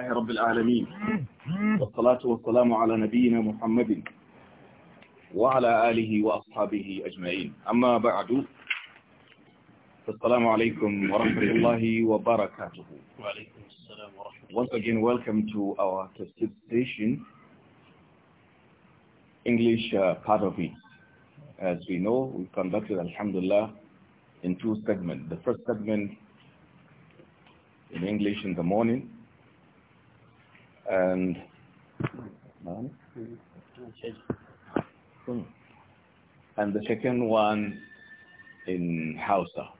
الله رب العالمين والصلاة والسلام على نبينا محمد وعلى آله وأصحابه أجمعين أما بعد السلام عليكم ورحمة الله وبركاته وعليكم السلام ورحمة الله Once again, welcome to our tested station, English uh, part of it. As we know, we conducted, alhamdulillah, in two segments. The first segment in English in the morning, and um, and the second one in Hausa,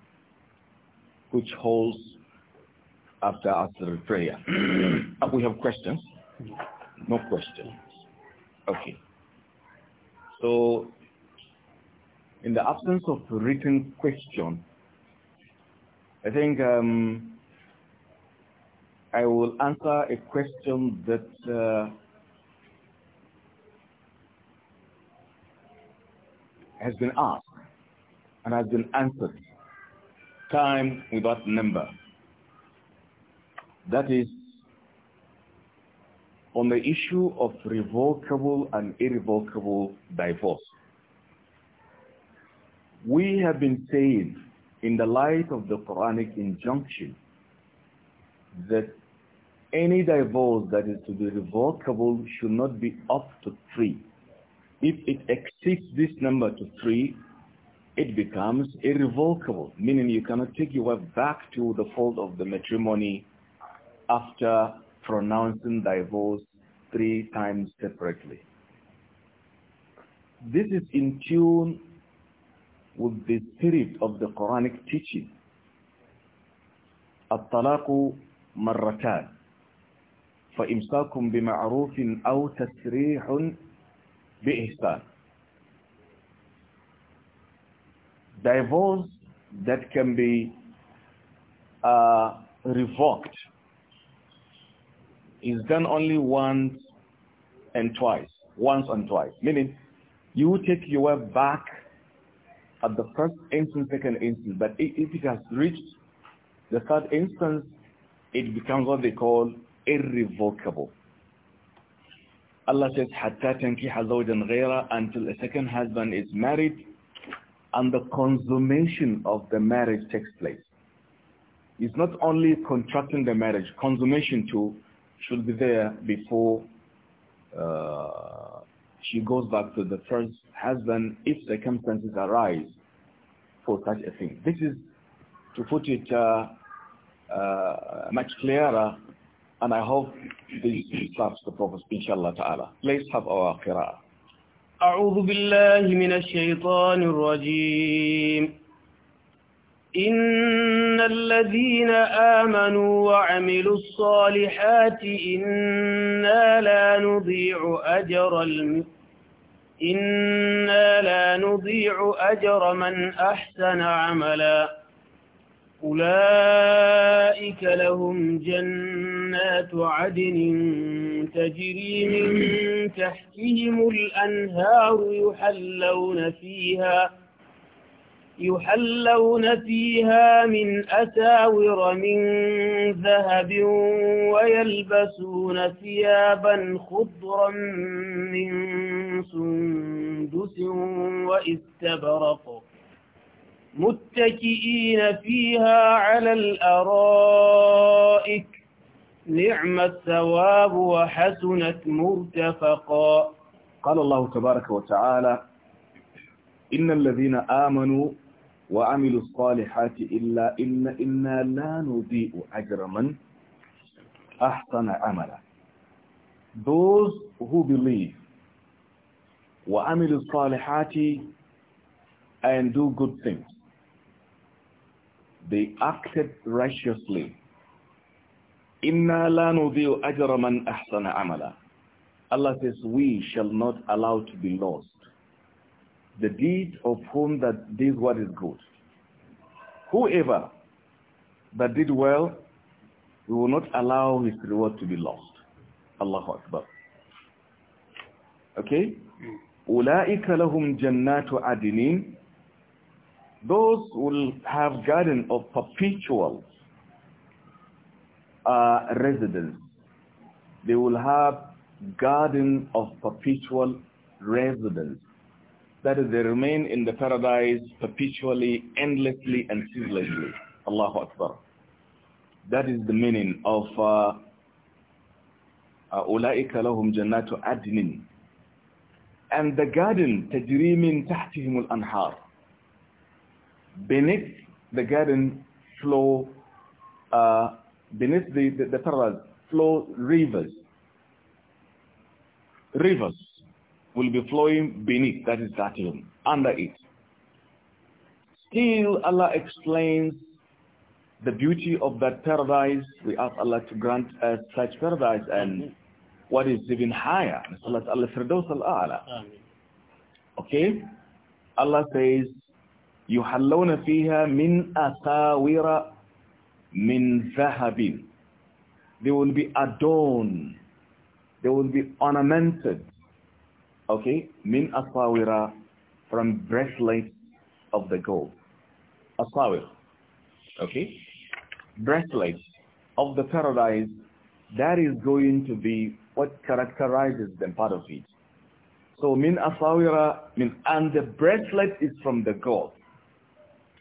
which holds after after prayer. Uh, we have questions? No questions. Okay. So, in the absence of written question, I think um, I will answer a question that uh, has been asked and has been answered time without number. That is on the issue of revocable and irrevocable divorce. We have been saying in the light of the Quranic injunction that any divorce that is to be revocable should not be up to three. If it exceeds this number to three, it becomes irrevocable, meaning you cannot take your wife back to the fold of the matrimony after pronouncing divorce three times separately. This is in tune with the spirit of the Quranic teaching. الطلاق مرتان بمعروف أو تسريح بإحسان divorce that can be uh, revoked is done only once and twice. Once and twice. Meaning, you take your wife back at the first instance, second instance. But if it has reached the third instance, it becomes what they call irrevocable. Allah says, حَتَّى تَنْكِحَ زَوْجًا Until a second husband is married and the consummation of the marriage takes place. It's not only contracting the marriage, consummation too should be there before uh, she goes back to the first husband if circumstances arise for such a thing. This is, to put it uh, uh, much clearer, And I hope this starts the purpose, inshallah ta'ala. Let's have our qira'ah. أعوذ بالله من الشيطان الرجيم إن الذين آمنوا وعملوا الصالحات إنا لا نضيع أجر إنا لا نضيع أجر من أحسن عملا أولئك لهم جنات جنات عدن تجري من تحتهم الأنهار يحلون فيها يحلون فيها من أساور من ذهب ويلبسون ثيابا خضرا من سندس وإستبرق متكئين فيها على الأرائك نعم الثواب وحسنت مرتفقا قال الله تبارك وتعالى إن الذين آمنوا وعملوا الصالحات إلا إن إنا لا نضيء أجر من أحسن عملا Those who believe وعملوا الصالحات and do good things they acted righteously Inna la nudhi'u ajra man ahsana amala. Allah says, we shall not allow to be lost the deed of whom that did what is good. Whoever that did well, we will not allow his reward to be lost. Allahu Akbar. Okay? أُولَٰئِكَ لَهُمْ جَنَّاتُ عَدِنِينَ Those will have garden of perpetual are residence. They will have garden of perpetual residence. That is, they remain in the paradise perpetually, endlessly, and ceaselessly. Allahu Akbar. That is the meaning of أُولَٰئِكَ لَهُمْ جَنَّاتُ عَدْنٍ And the garden, تَجْرِي مِن تَحْتِهِمُ الْأَنْهَارِ Beneath the garden flow uh, beneath the, the, the parallel flow rivers. Rivers will be flowing beneath, that is Datilum, under it. Still, Allah explains the beauty of that paradise. We ask Allah to grant us such paradise and what is even higher. Okay? Allah says, يُحَلَّوْنَ فِيهَا مِنْ أَسَاوِرَ min zahabin. They will be adorned. They will be ornamented. Okay? Min asawira from bracelets of the gold. Asawir. Okay? Bracelets of the paradise. That is going to be what characterizes them, part of it. So min asawira, min, and the bracelet is from the gold.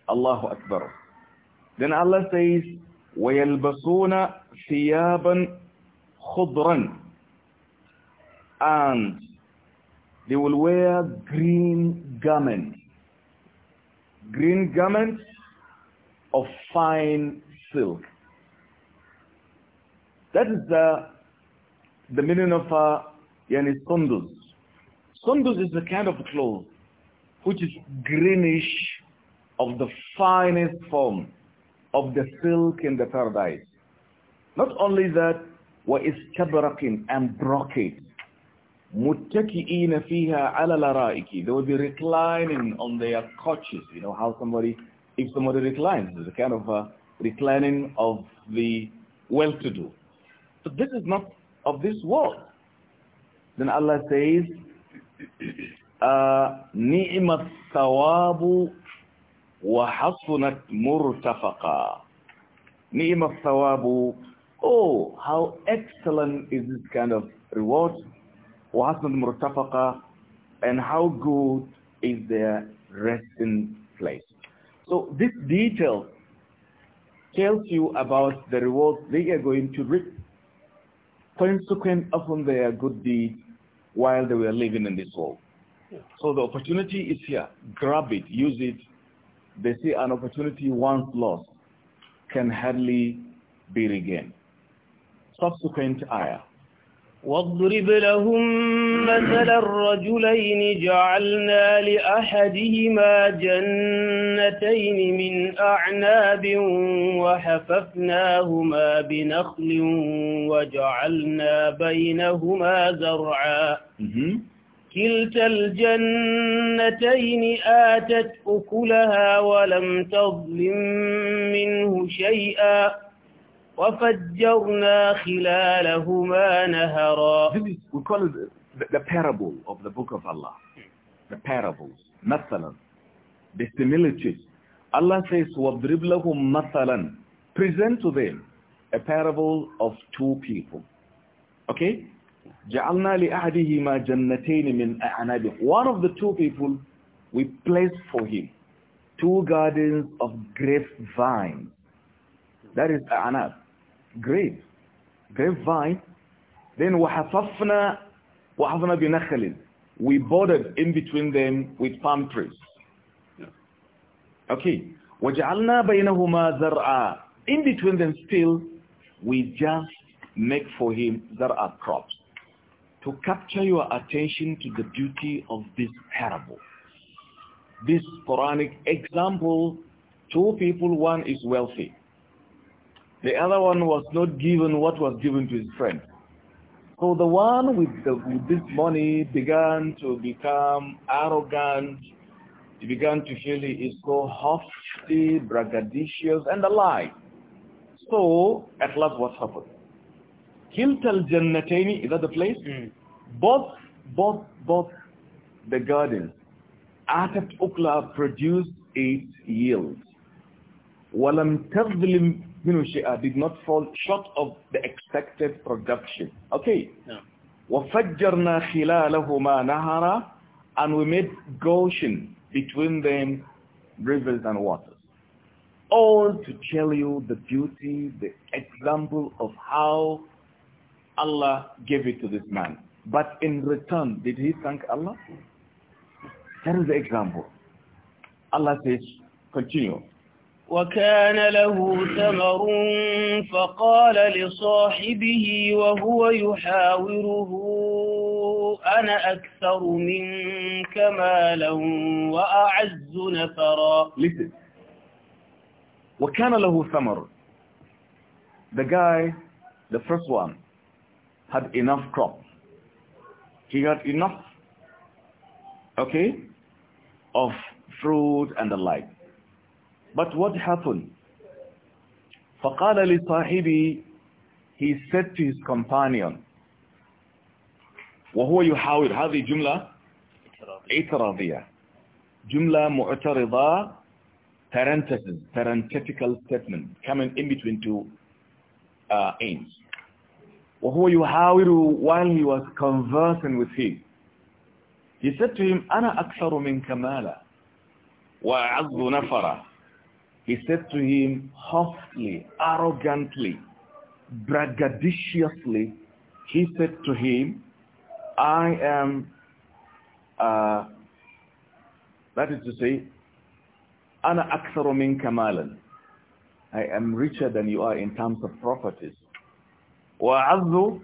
Allahu Akbar. Then Allah says, وَيَلْبَسُونَ ثِيَابًا خُضْرًا And they will wear green garments. Green garments of fine silk. That is the, the meaning of uh, yani sundus. Sundus is a kind of cloth which is greenish of the finest form of the silk in the paradise. Not only that, وَإِسْتَبْرَقٍ and brocade. مُتَّكِئِينَ فِيهَا عَلَى الْأَرَائِكِ They will be reclining on their couches. You know how somebody, if somebody reclines, it's a kind of a reclining of the well-to-do. So this is not of this world. Then Allah says, نِعْمَ الثَّوَابُ ah, وحصنت مرتفقا نعم الثواب Oh, how excellent is this kind of reward. وَحَصْنَتْ مرتفقة and how good is their resting place. So this detail tells you about the rewards they are going to reap consequent upon their good deeds while they were living in this world. Yeah. So the opportunity is here. Grab it, use it, they say an opportunity once lost can hardly be regained. Subsequent ayah. واضرب لهم مثل الرجلين جعلنا لأحدهما جنتين من أعناب وحففناهما بنخل وجعلنا بينهما زرعا كلتا الجنتين آتت أكلها ولم تظلم منه شيئا وفجرنا خلالهما نهرا This is, we call it the, the parable of the book of Allah. The parables. مثلا. The similitudes. Allah says, وَاضْرِبْ لَهُمْ مَثَلًا Present to them a parable of two people. Okay? جَعَلْنَا لِأَحْدِهِمَا جَنَّتَيْنِ مِنْ أَعْنَابٍ One of the two people we placed for him two gardens of grapevine. That is أعناب. Grape. Grapevine. Then وَحَفَفْنَا وَحَفَفْنَا بِنَخَلٍ We bordered in between them with palm trees. Okay. وَجَعَلْنَا بَيْنَهُمَا زَرْعًا In between them still, we just make for him zara crops to capture your attention to the beauty of this parable. This Quranic example, two people, one is wealthy. The other one was not given what was given to his friend. So the one with, the, with this money began to become arrogant. He began to feel he is so haughty, braggadocious, and the like. So at last what happened? Kiltal Jannataini, is that the place? Mm. Both, both, both the gardens, Atat Ukla produced its yields. Walam Tazlim Minushi'a did not fall short of the expected production. Okay. وَفَجَّرْنَا خِلَالَهُمَا نَهَرًا And we made Goshen between them rivers and waters. All to tell you the beauty, the example of how Allah gave it to this man. But in return, did he thank Allah? Here is the example. Allah says, continue. وكان له ثمر فقال لصاحبه وهو يحاوره أنا أكثر منك مالا وأعز نفرا Listen. وكان له ثمر The guy, the first one, had enough crop. He had enough, okay, of fruit and the like. But what happened? فَقَالَ لصاحبي He said to his companion, وهو يحاول هذه جملة اعتراضية جملة معترضة parenthesis parenthetical statement coming in between two uh, aims وَهُوَ يُحَاوِرُ While he was conversing with him, he said to him, أَنَا أَكْثَرُ مِنْ كَمَالًا وَأَعَزُّ نَفَرًا He said to him haughtily, arrogantly, braggadociously, he said to him, I am, uh, that is to say, أَنَا أَكْثَرُ مِنْ كَمَالًا I am richer than you are in terms of properties. وَعَذُّ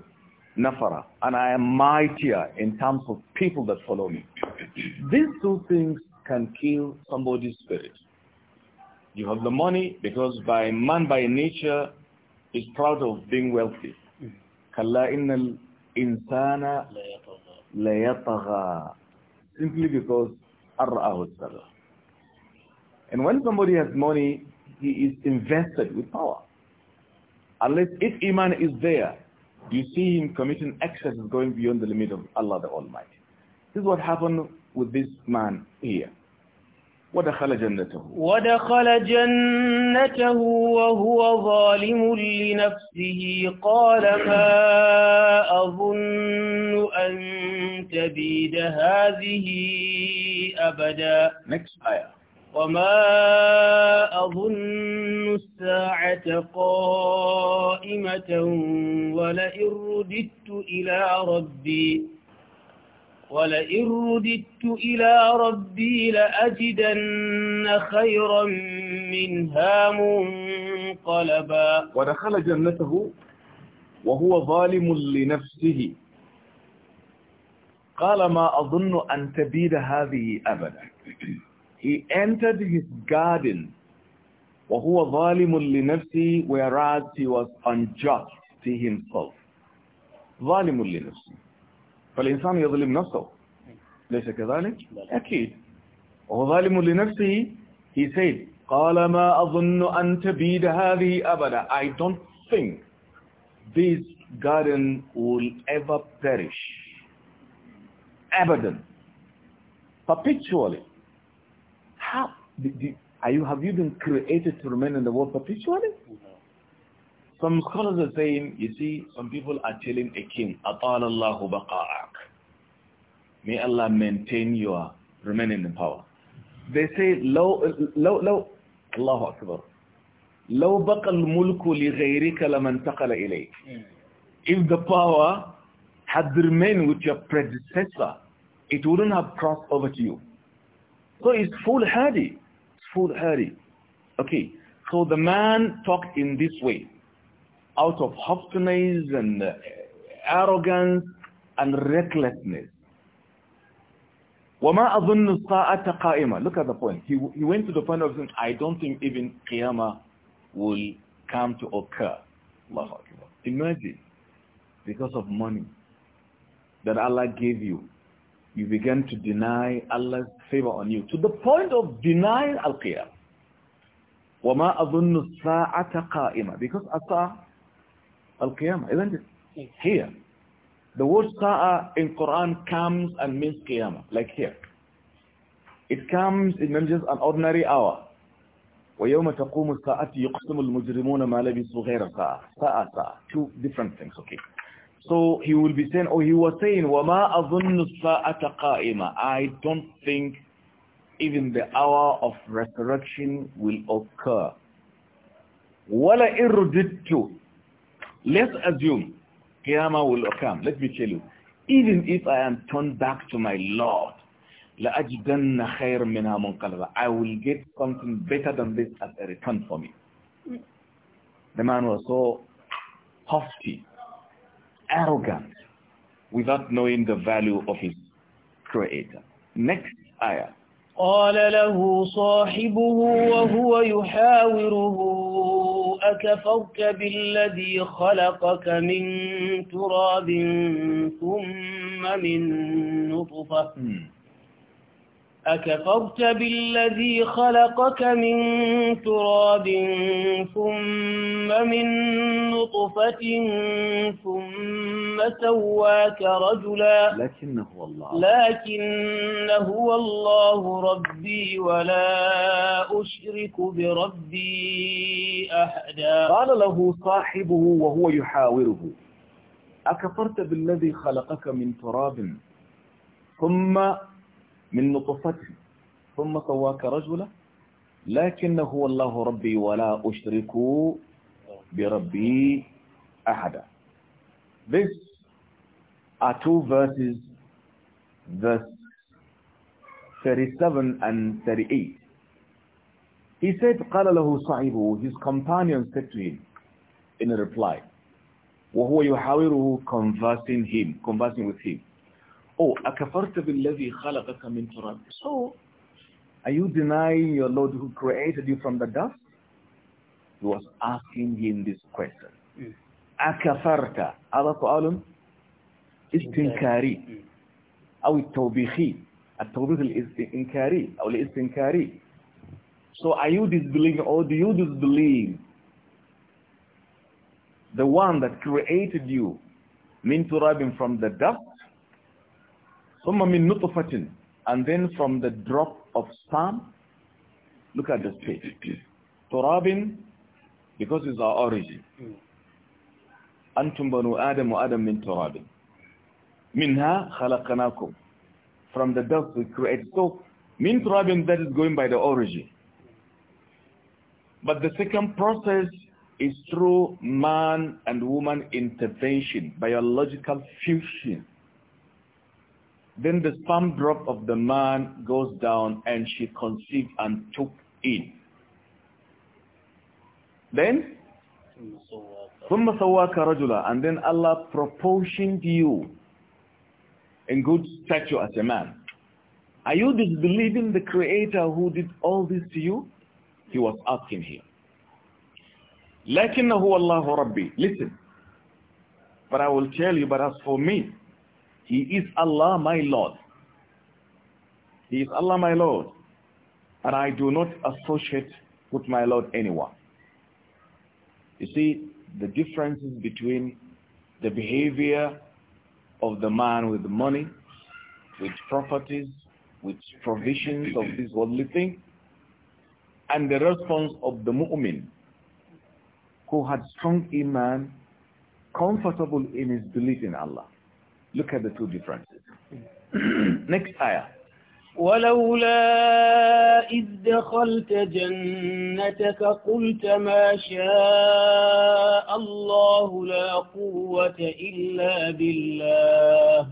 nafara, and I am mightier in terms of people that follow me. These two things can kill somebody's spirit. You have the money because by man by nature is proud of being wealthy. كَلَّا إِنَّ الْإِنسَانَ لَيَطَغَى Simply because أَرْأَهُ السَّلَى And when somebody has money, he is invested with power. Unless if Iman is there, you see him committing excesses going beyond the limit of Allah the Almighty. This is what happened with this man here. ودخل جنته ودخل جنته وهو ظالم لنفسه قال ما أظن أن تبيد هذه أبدا Next ayah وما أظن الساعة قائمة ولئن رددت إلى ربي ولئن رددت إلى ربي لأجدن خيرا منها منقلبا ودخل جنته وهو ظالم لنفسه قال ما أظن أن تبيد هذه أبدا He entered his garden وَهُوَ ظَالِمٌ لِنَفْسِهِ Whereas he was unjust to himself. ظَالِمٌ لِنَفْسِهِ فالإنسان يظلم نفسه ليس كذلك؟ أكيد وهو ظالم لنفسه he said قال ما أظن أن تبيد هذه أبدا I don't think this garden will ever perish أبدا perpetually do, are you, have you been created to remain in the world perpetually? Some scholars are saying, you see, some people are telling a king, Allahu baqa'ak. May Allah maintain your remaining in power. They say, low, low, low, Allahu Akbar. لو بقى الملك لغيرك لمنتقل إليك. If the power had remained with your predecessor, it wouldn't have crossed over to you. So it's foolhardy full hurry. Okay, so the man talked in this way, out of haughtiness and uh, arrogance and recklessness. وَمَا أَظُنُّ السَّاعَةَ قَائِمًا Look at the point. He, he went to the point of saying, I don't think even Qiyamah will come to occur. Imagine, because of money that Allah gave you, you begin to deny Allah's favor on you to the point of denying Al-Qiyam. وَمَا أَظُنُّ السَّاعَةَ قَائِمَةً Because Asa Al-Qiyamah, isn't it? Here. The word Sa'a in Quran comes and means Qiyamah, like here. It comes, it means an ordinary hour. وَيَوْمَ تَقُومُ السَّاعَةِ يُقْسِمُ الْمُجْرِمُونَ مَا لَبِسُوا غَيْرَ سَاعَةً Sa'a, Sa'a. Two different things, okay. So he will be saying, or oh, he was saying, وَمَا أَظُنُّ السَّاعَةَ قَائِمًا I don't think even the hour of resurrection will occur. وَلَا إِرْدِدْتُ Let's assume Qiyamah will come. Let me tell you. Even if I am turned back to my Lord, لَأَجْدَنَّ خَيْرٌ مِنْهَا مُنْقَلَبًا I will get something better than this as a return for me. Mm. The man was so hofty arrogant without knowing the value of his creator. Next ayah. قال له صاحبه وهو يحاوره أكفرت بالذي خلقك من تراب ثم من نطفة hmm. أكفرت بالذي خلقك من تراب ثم من نطفة ثم سواك رجلا لكن هو الله لكن هو الله ربي ولا أشرك بربي أحدا قال له صاحبه وهو يحاوره أكفرت بالذي خلقك من تراب ثم من نطفته ثم سواك رجلا لكن هو الله ربي ولا أشرك بربي أحدا This are two verses, verse 37 and 38. He said, قال له صاحبه, his companion said to him in a reply, وهو يحاوره conversing him, conversing with him. Oh, أَكَفَرْتَ بِالَّذِي خَلَقَكَ مِنْ تُرَابٍ So, are you denying your Lord who created you from the dust? He was asking him this question. Hmm. أَكَفَرْتَ هذا سؤال استنكاري أو التوبيخي التوبيخ الإنكاري أو الاستنكاري So are you disbelieving or do you disbelieve the one that created you min turabin from the dust ثم من نطفة and then from the drop of sperm look at this page. تراب because it's our origin hmm. أنتم بنو آدم وآدم من تراب منها خلقناكم from the dust we create so min turabin that is going by the origin but the second process is through man and woman intervention biological fusion then the sperm drop of the man goes down and she conceived and took in. Then, ثُمَّ سَوَّاكَ رَجُلًا And then Allah proportioned you in good stature as a man. Are you disbelieving the Creator who did all this to you? He was asking here. لَكِنَّهُ اللَّهُ رَبِّي Listen, but I will tell you, but as for me, he is Allah my Lord. He is Allah my Lord. And I do not associate with my Lord anyone. You see, the differences between the behavior of the man with money, with properties, with provisions of this worldly thing, and the response of the mu'min who had strong iman, comfortable in his belief in Allah. Look at the two differences. Next ayah. ولولا إذ دخلت جنتك قلت ما شاء الله لا قوة إلا بالله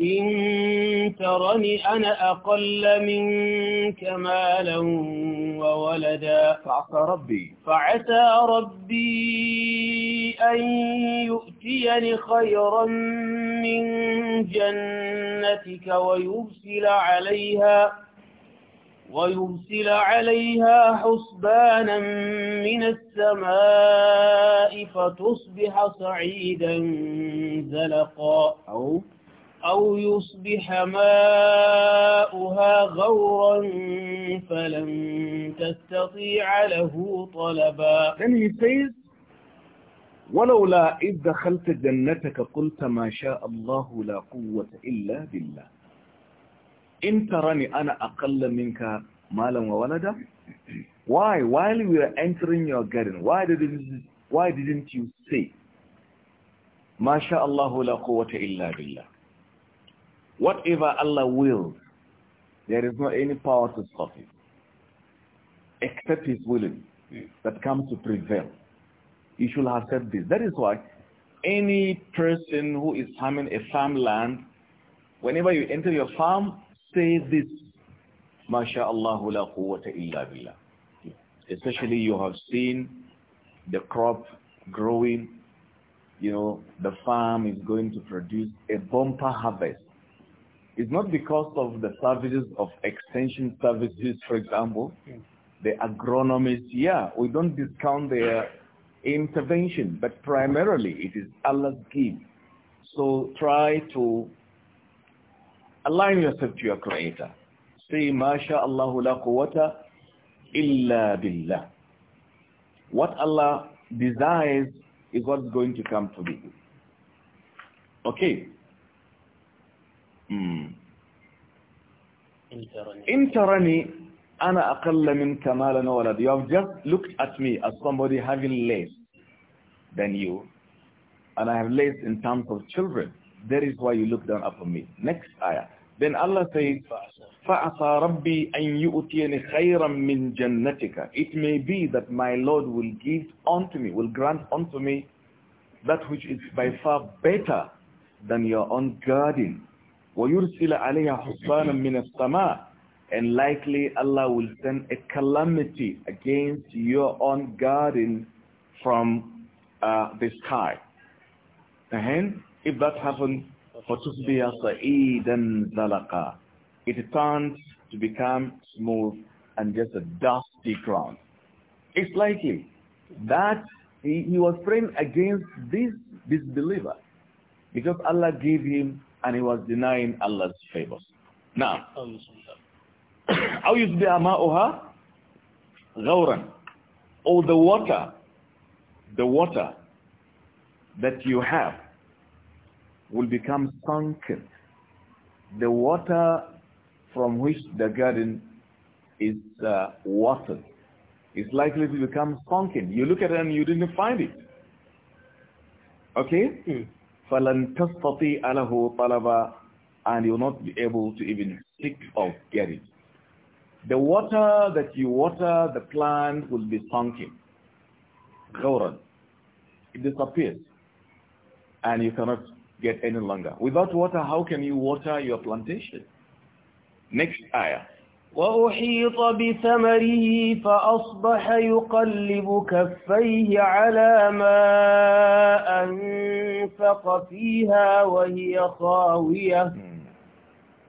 إن ترني أنا أقل منك مالا وولدا فعسى ربي فعسى ربي أن يؤتيني خيرا من جنتك ويرسل عليها ويرسل عليها حسبانا من السماء فتصبح صعيدا زلقا أو أو يصبح ماءها غورا فلن تستطيع له طلبا Then he says ولولا إذ دخلت جنتك قلت ما شاء الله لا قوة إلا بالله إن ترني أنا أقل منك مالا Whatever Allah wills, there is not any power to stop it, except His willing that comes to prevail. You should have said this. That is why any person who is farming a farmland, whenever you enter your farm, say this, MashaAllahu la quwwata illa billah. Especially you have seen the crop growing, you know, the farm is going to produce a bumper harvest. It's not because of the services of extension services, for example, the agronomists, yeah, we don't discount their intervention, but primarily it is Allah's gift. So try to align yourself to your Creator. Say, MashaAllahu la quwwata illa billah. What Allah desires is what's going to come to be. Okay mm. in tarani ana aqalla min kamalan walad you have just looked at me as somebody having less than you and I have less in terms of children that is why you look down upon me next ayah then Allah says fa'asa rabbi an yu'tiyani khayran min jannatika it may be that my lord will give unto me will grant unto me that which is by far better than your own garden وَيُرْسِلَ عَلَيْهَا مِنَ السَّمَاءِ And likely Allah will send a calamity against your own garden from uh, the sky. And if that happens, It turns to become smooth and just a dusty ground. It's likely that he, he was praying against this disbeliever because Allah gave him and he was denying Allah's favors. Now, أو يصبح ماؤها غورا all the water the water that you have will become sunken the water from which the garden is uh, watered is likely to become sunken you look at it and you didn't find it okay hmm. فَلَنْ تَسْتَطِيعَ لَهُ طَلَبًا And you'll not be able to even seek or get it. The water that you water the plant will be sunken. غَوْرًا It disappears. And you cannot get any longer. Without water, how can you water your plantation? Next ayah. وأحيط بثمره فأصبح يقلب كفيه على ما أنفق فيها وهي خاوية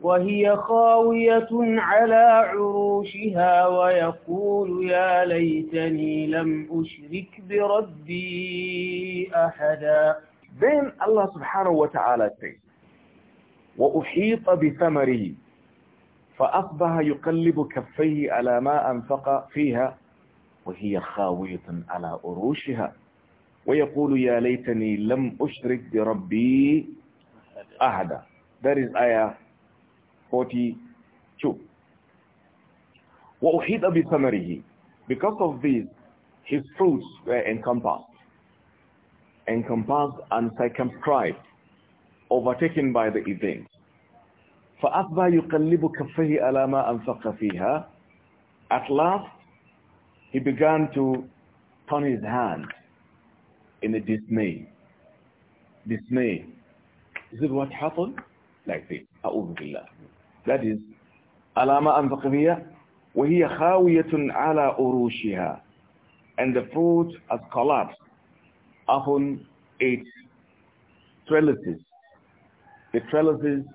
وهي خاوية على عروشها ويقول يا ليتني لم أشرك بربي أحدا بين الله سبحانه وتعالى وَأُحِيطَ بِثَمَرِهِ فأصبح يقلب كفيه على ما أنفق فيها وهي خاوية على أروشها ويقول يا ليتني لم أشرك بربي أحدا That is ayah 42. وأحيط بثمره Because of this, his fruits were encompassed. Encompassed and circumscribed, overtaken by the event. فأصبح يقلب كفيه على ما أنفق فيها At last, he began to turn his hand in a dismay. Dismay. Is it what happened? Like this. أعوذ بالله. That is, على ما أنفق فيها وهي خاوية على أروشها And the fruit has collapsed upon its trellises. The trellises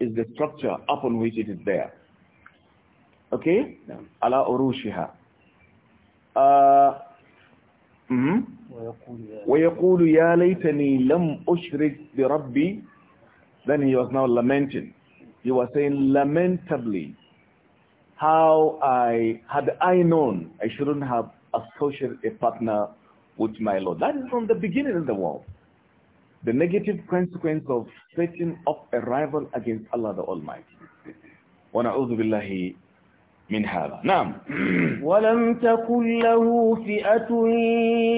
is the structure upon which it is there. Okay? Ala urushiha. Uh, mm-hmm. Then he was now lamenting. He was saying lamentably, how I, had I known, I shouldn't have associated a partner with my Lord. That is from the beginning of the world. the negative consequence of setting up a rival against Allah the Almighty. Wa na'udhu billahi min hala. Naam. Wa lam takullahu fi'atun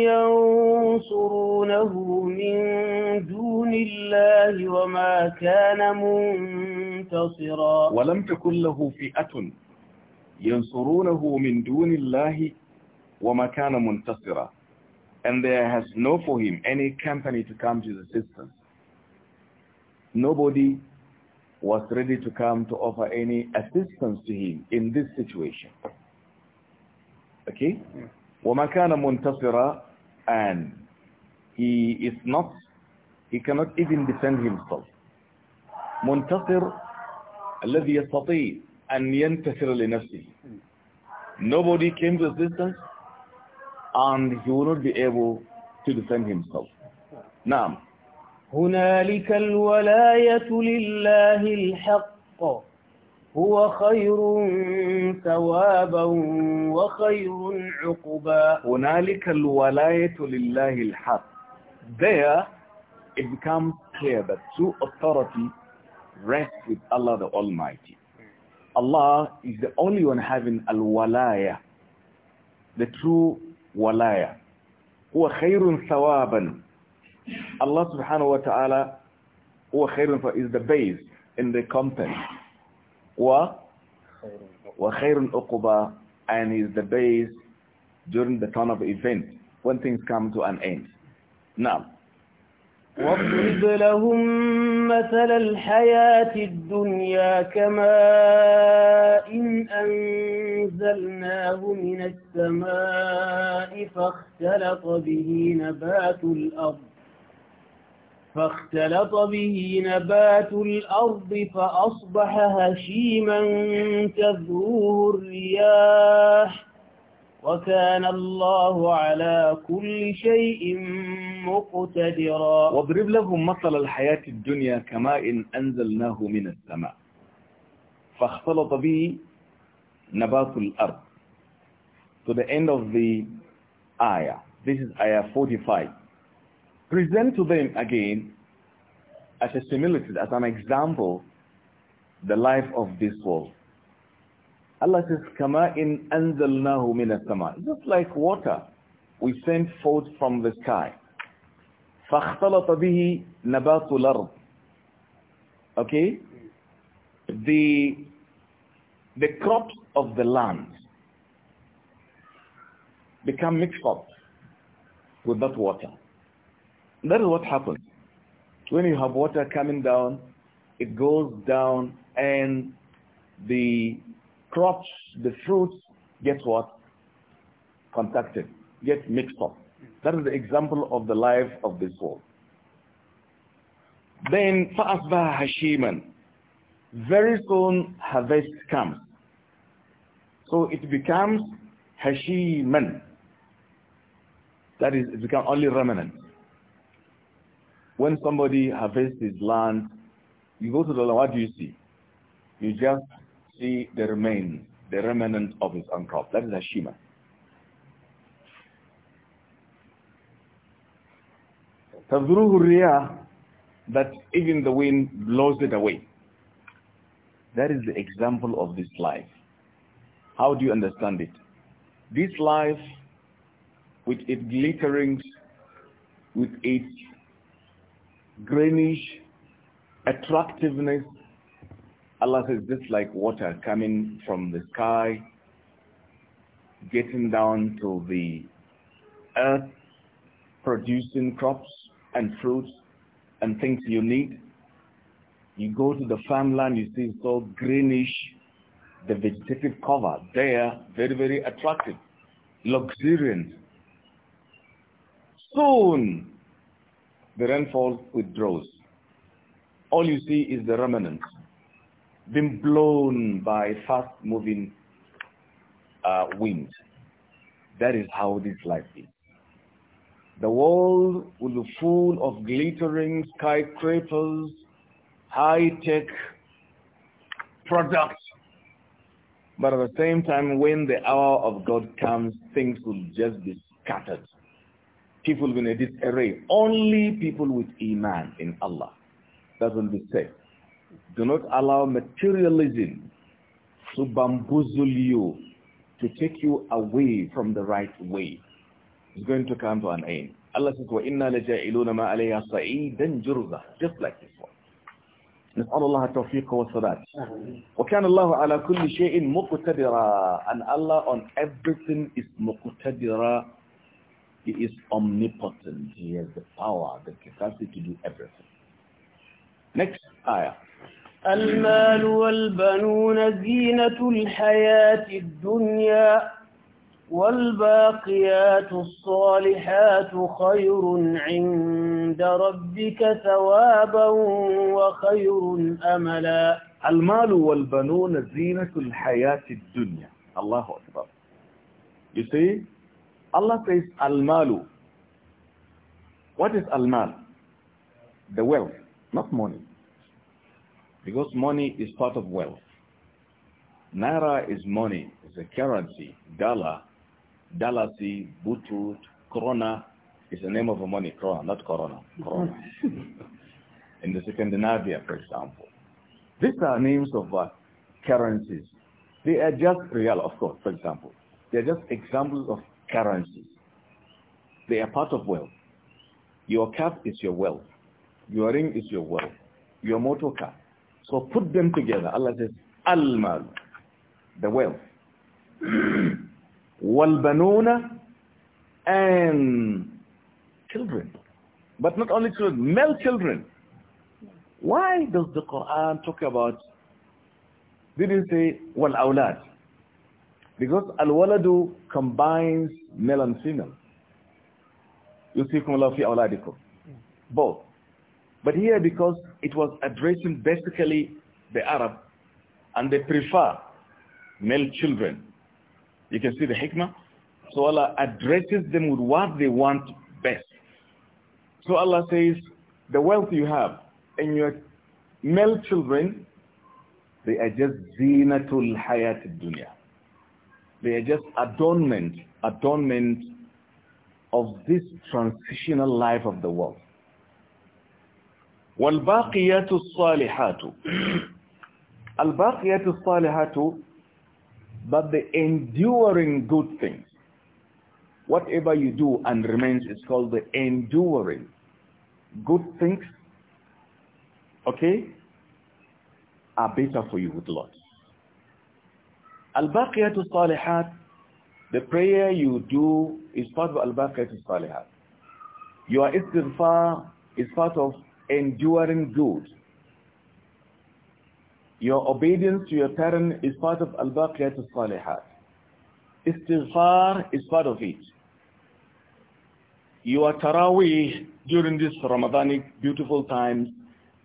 yansurunahu min duni Allahi wa ma kana muntasira. Wa lam takullahu fi'atun yansurunahu min duni Allahi wa ma kana muntasira. and there has no for him any company to come to his assistance. Nobody was ready to come to offer any assistance to him in this situation. Okay? وَمَا مُنْتَصِرًا And he is not, he cannot even defend himself. منتصر الذي يستطيع أن ينتصر لنفسه. Hmm. Nobody came to assistance, and he will not be able to defend himself. Naam. هنالك الولاية لله الحق هو خير ثوابا وخير عقبا هنالك الولاية لله الحق There it becomes clear that true authority rests with Allah the Almighty. Allah is the only one having al-walaya, the true walaya huwa khairun thawaban Allah subhanahu wa ta'ala huwa khairun is the base in the company wa wa khairun uquba and is the base during the turn of event when things come to an end now واضرب لهم مثل الحياة الدنيا كماء إن أنزلناه من السماء فاختلط به نبات الأرض فاختلط به نبات الأرض فأصبح هشيما تذروه الرياح وكان الله على كل شيء مقتدرا واضرب لهم مثل الحياة الدنيا أنزلناه من السماء فاختلط به نبات الأرض to the end of the ayah. This is ayah 45. Present to them again as a similitude, as an example, the life of this world. Allah says, "Kama in anzalnahu min sama Just like water, we send forth from the sky. فَاخْتَلَطَ بِهِ نَبَاتُ الْأَرْضِ Okay? The, the crops of the land become mixed up with that water. That is what happens. When you have water coming down, it goes down and the crops, the fruits get what? Contacted, get mixed up. That is the example of the life of the soul. Then فَأَصْبَحَ هَشِيمًا Very soon harvest comes. So it becomes hashiman. That is, it becomes only remnant. When somebody harvests his land, you go to the land, what do you see? You just see the remains, the remnant of his own crop. That is hashiman. تَذْرُهُ That even the wind blows it away. That is the example of this life. How do you understand it? This life, with its glitterings, with its greenish attractiveness, Allah says just like water coming from the sky, getting down to the earth, producing crops, and fruits and things you need. You go to the farmland, you see it's all greenish, the vegetative cover there, very, very attractive, luxuriant. Soon, the rainfall withdraws. All you see is the remnants being blown by fast-moving uh, wind. That is how this life is. The world will be full of glittering skyscrapers, high-tech products. But at the same time, when the hour of God comes, things will just be scattered. People will be in a disarray. Only people with Iman in Allah. That will be safe. Do not allow materialism to bamboozle you, to take you away from the right way is going to come to an end. Allah says, وَإِنَّا لَجَائِلُونَ مَا عَلَيْهَا صَعِيدًا جُرْزًا Just like this one. نسأل الله التوفيق والصلاة وكان الله على كل شيء مقتدرا and Allah on everything is مقتدرا He is omnipotent He has the power, the capacity to do everything Next ayah المال والبنون زينة الحياة الدنيا والباقيات الصالحات خير عند ربك ثوابا وخير أملا المال والبنون زينة الحياة الدنيا الله أكبر You see, Allah says al-malu. What is al The wealth, not money. Because money is part of wealth. Naira is money, it's a currency. Dollar Dalasi, Butut, Corona is the name of a money, Corona, not Corona, Corona. in the Scandinavia, for example. These are names of uh, currencies. They are just real, of course, for example. They are just examples of currencies. They are part of wealth. Your cap is your wealth. Your ring is your wealth. Your motor car. So put them together. Allah says, Al-Mal, the wealth. Walbanuna and children. But not only children, male children. Why does the Quran talk about, didn't say والأولاد? Because al-waladu combines male and female. يُسِيكُمْ اللَّهُ فِي أَوْلَادِكُمْ Both. But here because it was addressing basically the Arab and they prefer male children you can see the hikmah. So Allah addresses them with what they want best. So Allah says, the wealth you have and your male children, they are just zinatul hayat dunya. They are just adornment, adornment of this transitional life of the world. والباقيات الصالحات الباقيات الصالحات but the enduring good things. Whatever you do and remains is called the enduring good things, okay, are better for you with Lord. Al-Baqiyatu Salihat, the prayer you do is part of Al-Baqiyatu Salihat. Your istighfar is part of enduring good. Your obedience to your parent is part of al-baqiyat al-salihat. Istighfar is part of it. Your taraweeh during this Ramadanic beautiful times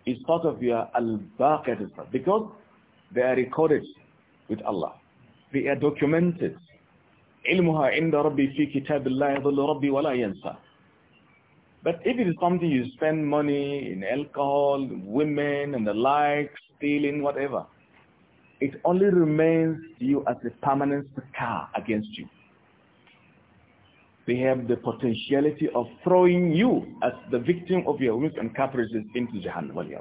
is part of your al-baqiyat al because they are recorded with Allah. They are documented. علمها عند ربي في كتاب الله يضل ربي ولا But if it is something you spend money in alcohol, women and the likes, stealing, whatever. It only remains you as a permanent scar against you. They have the potentiality of throwing you as the victim of your whims and caprices into Jahannam.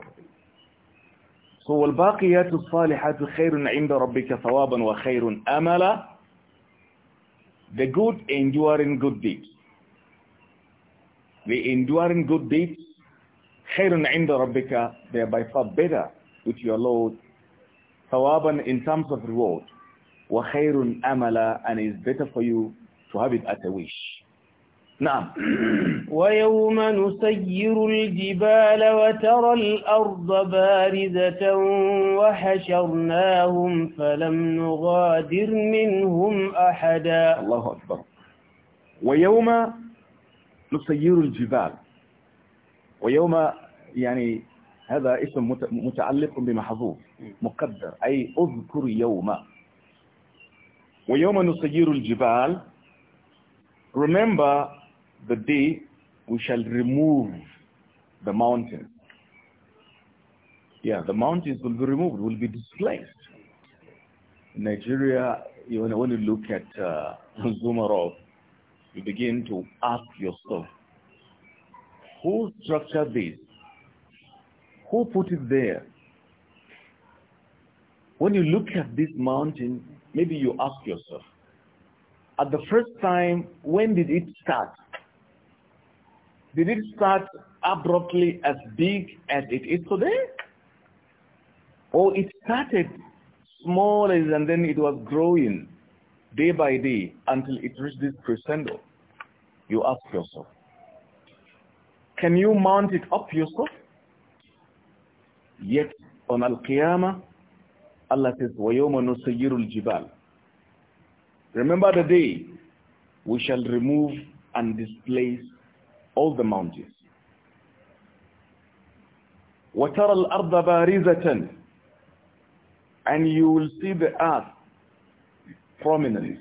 So, وَالْبَاقِيَاتُ الصَّالِحَاتُ خَيْرٌ عِنْدَ رَبِّكَ ثَوَابًا وَخَيْرٌ أَمَلًا The good enduring good deeds. The enduring good deeds خير عند ربك they are by far better with your Lord, thawaban in terms of reward, وَخَيْرٌ أَمَلًا and it's better for you to have it as a wish. نعم ويوم نسير الجبال وترى الأرض بارزة وحشرناهم فلم نغادر منهم أحدا الله أكبر ويوم نسير الجبال ويوم يعني هذا اسم متعلق بمحظوظ مقدر أي أذكر يوما ويوم نسير الجبال remember the day we shall remove the mountains yeah the mountains will be removed will be displaced in Nigeria when you look at uh, Zumarov you begin to ask yourself who structured this who put it there? When you look at this mountain, maybe you ask yourself, at the first time, when did it start? Did it start abruptly as big as it is today? Or it started small and then it was growing day by day until it reached this crescendo? You ask yourself. Can you mount it up yourself? Yet on Al-Qiyamah, Allah says, وَيَوْمَ نُسَيِّرُ الْجِبَالِ Remember the day we shall remove and displace all the mountains. وَتَرَى الْأَرْضَ بَارِزَةً And you will see the earth prominent.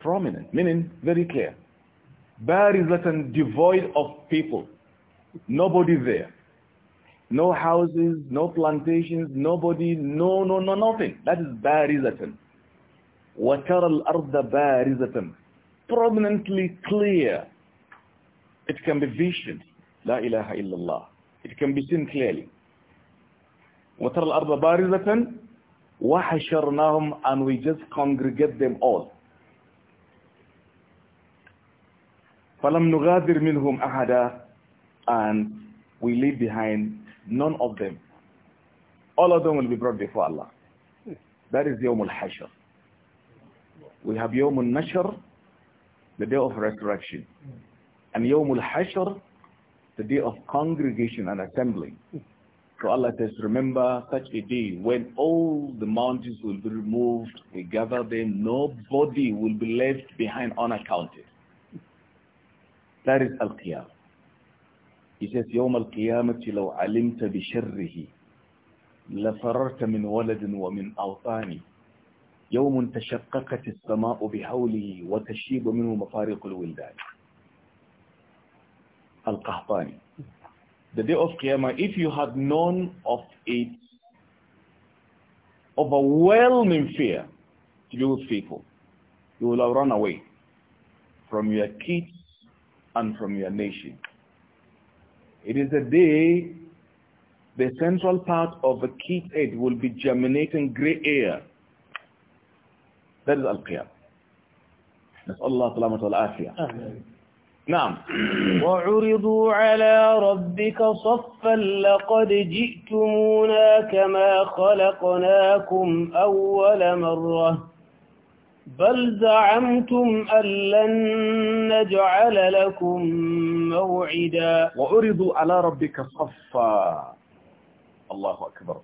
Prominent, meaning very clear. Barizatan devoid of people. Nobody there. No houses, no plantations, nobody, no, no, no, nothing. That is barizatan. وَتَرَى الْأَرْضَ بَارِزَةً Prominently clear. It can be vision. La ilaha illallah. It can be seen clearly. وَتَرَى الْأَرْضَ بَارِزَةً وَحَشَرْنَاهُمْ And we just congregate them all. فَلَمْ نُغَادِرْ مِنْهُمْ أَحَدًا And we leave behind None of them. All of them will be brought before Allah. That is Yawmul Hashr. We have Yawmul Nashr, the day of resurrection. And Yawmul Hashr, the day of congregation and assembly. So Allah says, remember such a day when all the mountains will be removed, we gather them, nobody will be left behind unaccounted. That is Al-Qiyam. يسيس يوم القيامة لو علمت بشره لفررت من ولد ومن أوطان يوم تشققت السماء بحوله وتشيب منه مفارق الولدان القهطان The day of Qiyamah, if you had known of its overwhelming fear to you people, you will have run away from your kids and from your nation. It is the day the central part of the key head will be germinating gray air. That is Al-Qiyam. نسأل الله سلامة والعافية. نعم وعرضوا على ربك صفا لقد جئتمونا كما خلقناكم أول مرة بل زعمتم أن لن نجعل لكم موعدا وعرضوا على ربك صفا الله أكبر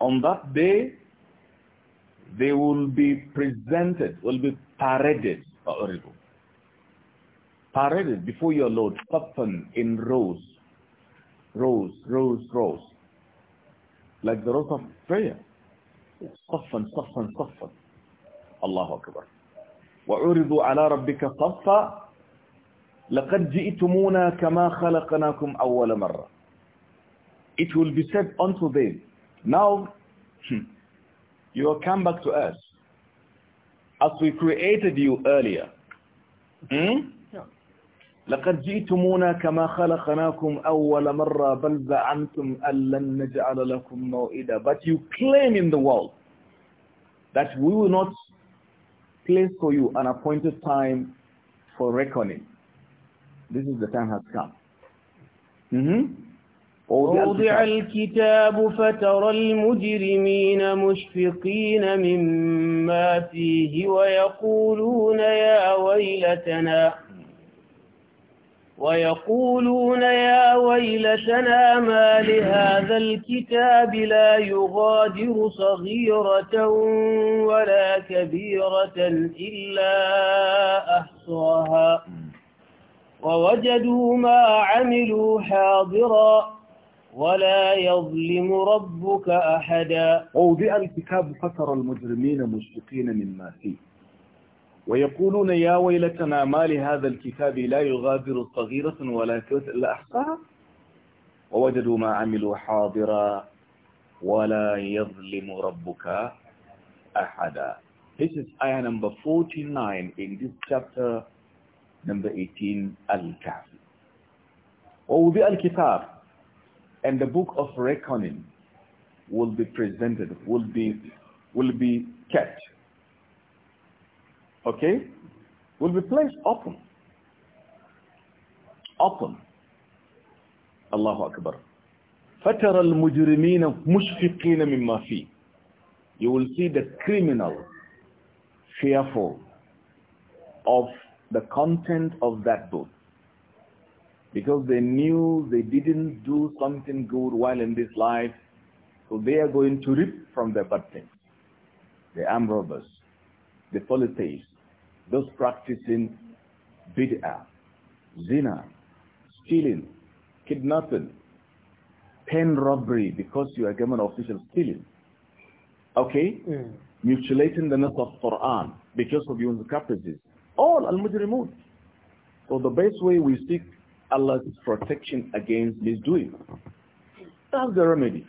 On that day they will be presented, will be paraded, وعرضوا paraded before your Lord, صفا in rows, rows, rows, rows, like the rows of prayer. صفا, صفا, صفا. الله أكبر وعرضوا على ربك صفا لقد جئتمونا كما خلقناكم أول مرة It will be said unto them Now you will come back to us as we created you earlier hmm? لقد جئتمونا كما خلقناكم أول مرة بل زعمتم أن لن نجعل لكم موئدا but you claim in the world that we will not placed for you an appointed time for reckoning. This is the time has come. Mm -hmm. ووضع الكتاب فترى المجرمين مشفقين مما فيه ويقولون يا ويلتنا ويقولون يا ويلتنا ما لهذا الكتاب لا يغادر صغيرة ولا كبيرة إلا أحصاها ووجدوا ما عملوا حاضرا ولا يظلم ربك أحدا ووضع الكتاب فتر المجرمين مشفقين مما فيه ويقولون يا ويلتنا ما لهذا الكتاب لا يغادر صغيرة ولا كبيرة إلا أحصاها ووجدوا ما عملوا حاضرا ولا يظلم ربك أحدا This is ayah number 49 in this chapter number 18 Al-Kahf al الكتاب and the book of reckoning will be presented will be will be kept okay, will be placed open. Open. Allahu Akbar. فَتَرَى الْمُجْرِمِينَ مُشْفِقِينَ مِمَّا فِيهِ You will see the criminal fearful of the content of that book. Because they knew they didn't do something good while in this life, so they are going to reap from their bad things. The armed robbers, the polytheists, those practicing bid'ah, zina, stealing, kidnapping, pen robbery because you are government official stealing. Okay? Mm. Mutilating the nafs of Quran because of your capacities. All al-mujrimun. So the best way we seek Allah's protection against misdoing. That's the remedy.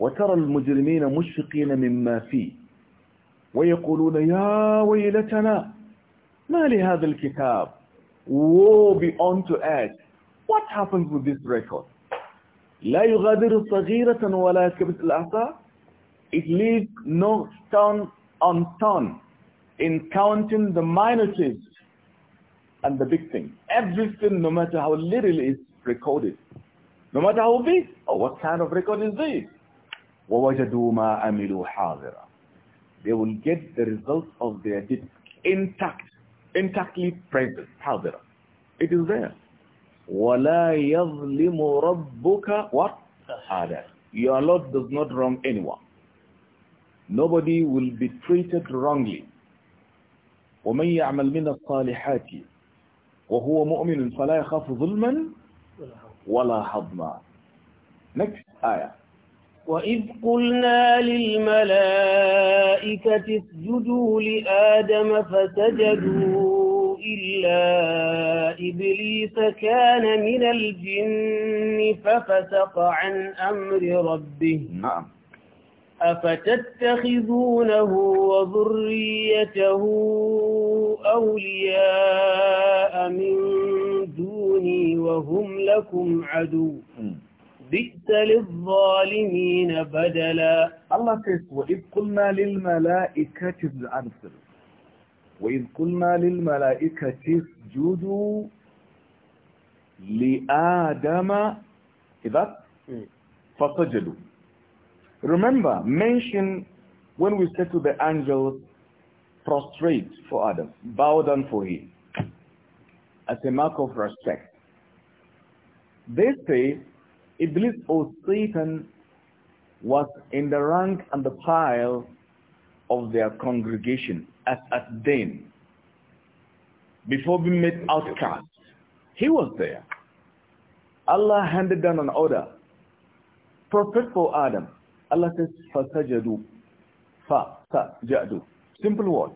وَتَرَى الْمُجْرِمِينَ مُشْفِقِينَ مِمَّا فِيهِ ويقولون يا ويلتنا ما لهذا الكتاب woe be unto us what happens with this record لا يغادر صغيرة ولا كبت الأعصى it leaves no stone unturned in counting the minor things and the big thing everything no matter how little is recorded no matter how big or what kind of record is this ووجدوا ما عملوا حاضرا they will get the results of their deeds intact, intactly present. How Hadira. It is there. وَلَا يَظْلِمُ رَبُّكَ What? Ada. Your Lord does not wrong anyone. Nobody will be treated wrongly. ومن يعمل من الصالحات وهو مؤمن فلا يخاف ظلما ولا حظما next ayah وإذ قلنا للملائكة اسجدوا لآدم فسجدوا إلا إبليس كان من الجن ففسق عن أمر ربه نعم أفتتخذونه وذريته أولياء من دوني وهم لكم عدو بئس للظالمين بدلا الله says وإذ قلنا للملائكة الأنصر وإذ قلنا للملائكة اسجدوا لآدم إذا فسجدوا Remember, mention when we said to the angels, prostrate for Adam, bow down for him, as a mark of respect. They say, Iblis or Satan was in the rank and the pile of their congregation as at then, before being made outcast. He was there. Allah handed down an order. Prophet for Adam. Allah says, فَسَجَدُوا فَسَجَدُوا Simple word.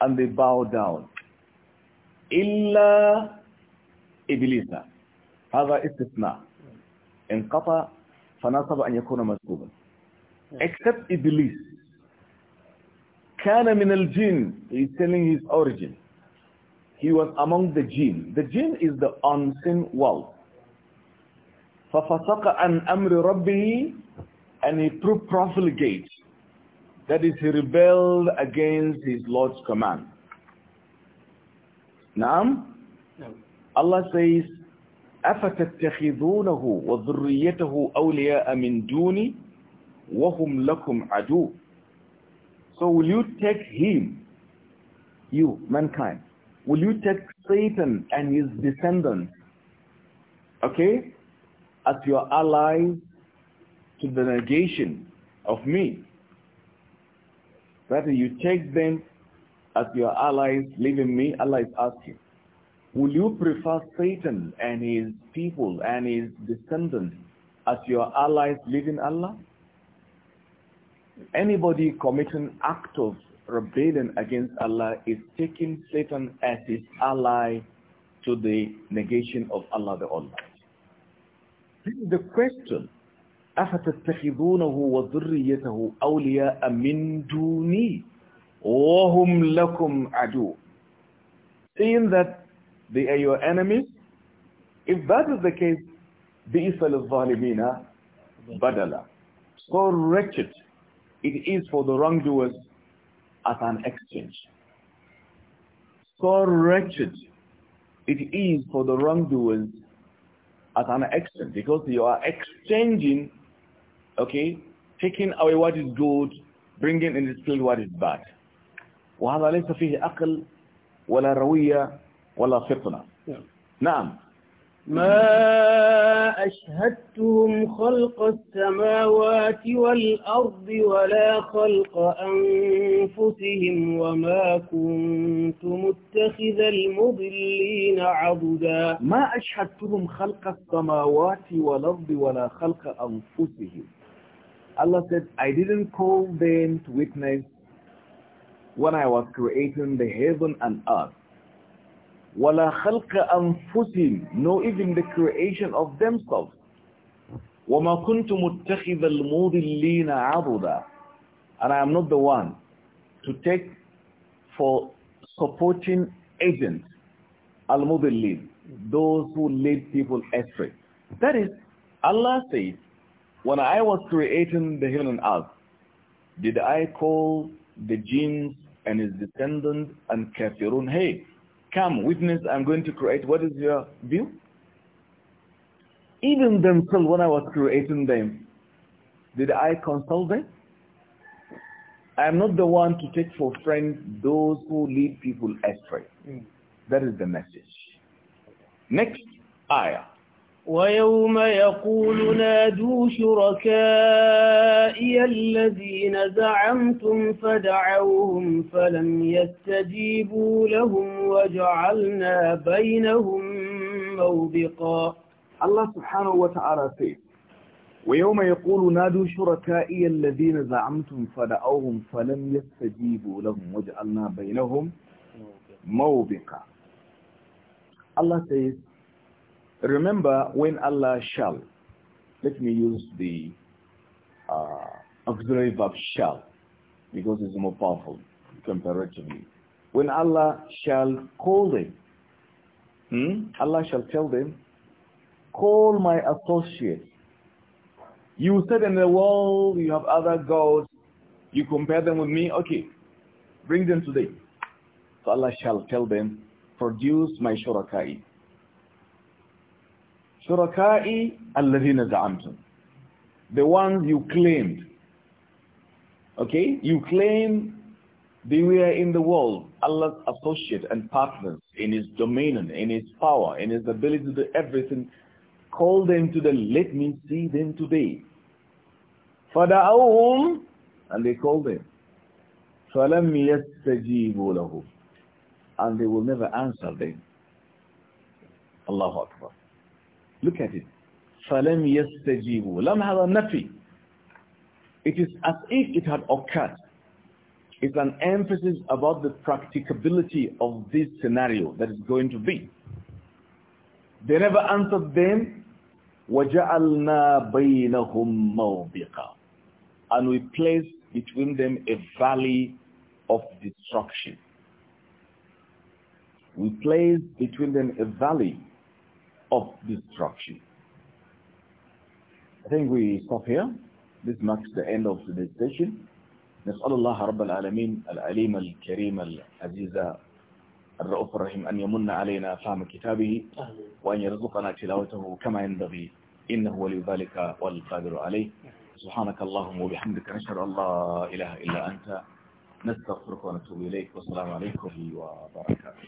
And they bow down. إِلَّا إِبْلِيسَ هذا استثناء انقطع فنصب أن يكون مسبوبا except Iblis كان من الجن he's telling his origin he was among the jinn the jinn is the unseen world ففسق عن أمر ربه and he profligate that is he rebelled against his Lord's command نعم. Allah says أفتتخذونه وذريته أولياء من دوني وهم لكم عدو So will you take him, you, mankind, will you take Satan and his descendants, okay, as your allies to the negation of me? Rather, you take them as your allies, leaving me, Allah is asking will you prefer Satan and his people and his descendants as your allies living Allah? Anybody committing act of rebellion against Allah is taking Satan as his ally to the negation of Allah the Almighty. This is the question. أفتتخذونه وذريته أولياء من دوني وهم لكم عدو Saying that they are your enemies. If that is the case, بِئِسَ لِلظَّالِمِينَ badala. So wretched it is for the wrongdoers as an exchange. So wretched it is for the wrongdoers as an exchange because you are exchanging, okay, taking away what is good, bringing in its field what is bad. وهذا ليس فيه أقل ولا روية ولا فطنة نعم. نعم ما أشهدتهم خلق السماوات والأرض ولا خلق أنفسهم وما كنت متخذ المضلين عبدا ما أشهدتهم خلق السماوات والأرض ولا خلق أنفسهم Allah said, I didn't call them to witness when I was creating the heaven and earth وَلَا خَلْقَ أَنفُسِهِمْ No even the creation of themselves. وَمَا كُنْتُ مُتَّخِذَ الْمُضِلِّينَ عَضُدًا And I am not the one to take for supporting agents, al-mudillin, those who lead people astray. That is, Allah says, when I was creating the heaven and earth, did I call the jinns and his descendants and kafirun, hey, Come, witness, I'm going to create. What is your view? Even themselves, when I was creating them, did I consult them? I am not the one to take for friends those who lead people astray. Mm. That is the message. Next ayah. ويوم يقول نادوا شركائي الذين زعمتم فدعوهم فلم يستجيبوا لهم وجعلنا بينهم موبقا الله سبحانه وتعالى سيد ويوم يقول نادوا شركائي الذين زعمتم فدعوهم فلم يستجيبوا لهم وجعلنا بينهم موبقا الله سيد Remember when Allah shall, let me use the uh, auxiliary verb shall because it's more powerful comparatively. When Allah shall call them, hmm? Allah shall tell them, call my associates. You said in the world you have other gods, you compare them with me, okay, bring them today. So Allah shall tell them, produce my shurakai. شركائي الذين زعمتم the ones you claimed okay you claim they were in the world Allah's associate and partners in his dominion in his power in his ability to do everything call them to the let me see them today فدعوهم and they called them فلم يستجيبوا and they will never answer them Allahu Akbar Look at it. فَلَمْ يَسْتَجِيبُوا لَمْ هَذَا نَفِي It is as if it had occurred. It's an emphasis about the practicability of this scenario that is going to be. They never answered them. وَجَعَلْنَا بَيْنَهُمْ مَوْبِقًا And we placed between them a valley of destruction. We placed between them a valley of destruction. I think we stop here. This marks the end of the session. نسأل الله رب العالمين العليم الكريم العزيز الرؤوف الرحيم أن يمن علينا فهم كتابه وأن يرزقنا تلاوته كما ينبغي إنه ولي ذلك والقادر عليه سبحانك اللهم وبحمدك نشهد أن لا إله إلا أنت نستغفرك ونتوب إليك والسلام عليكم وبركاته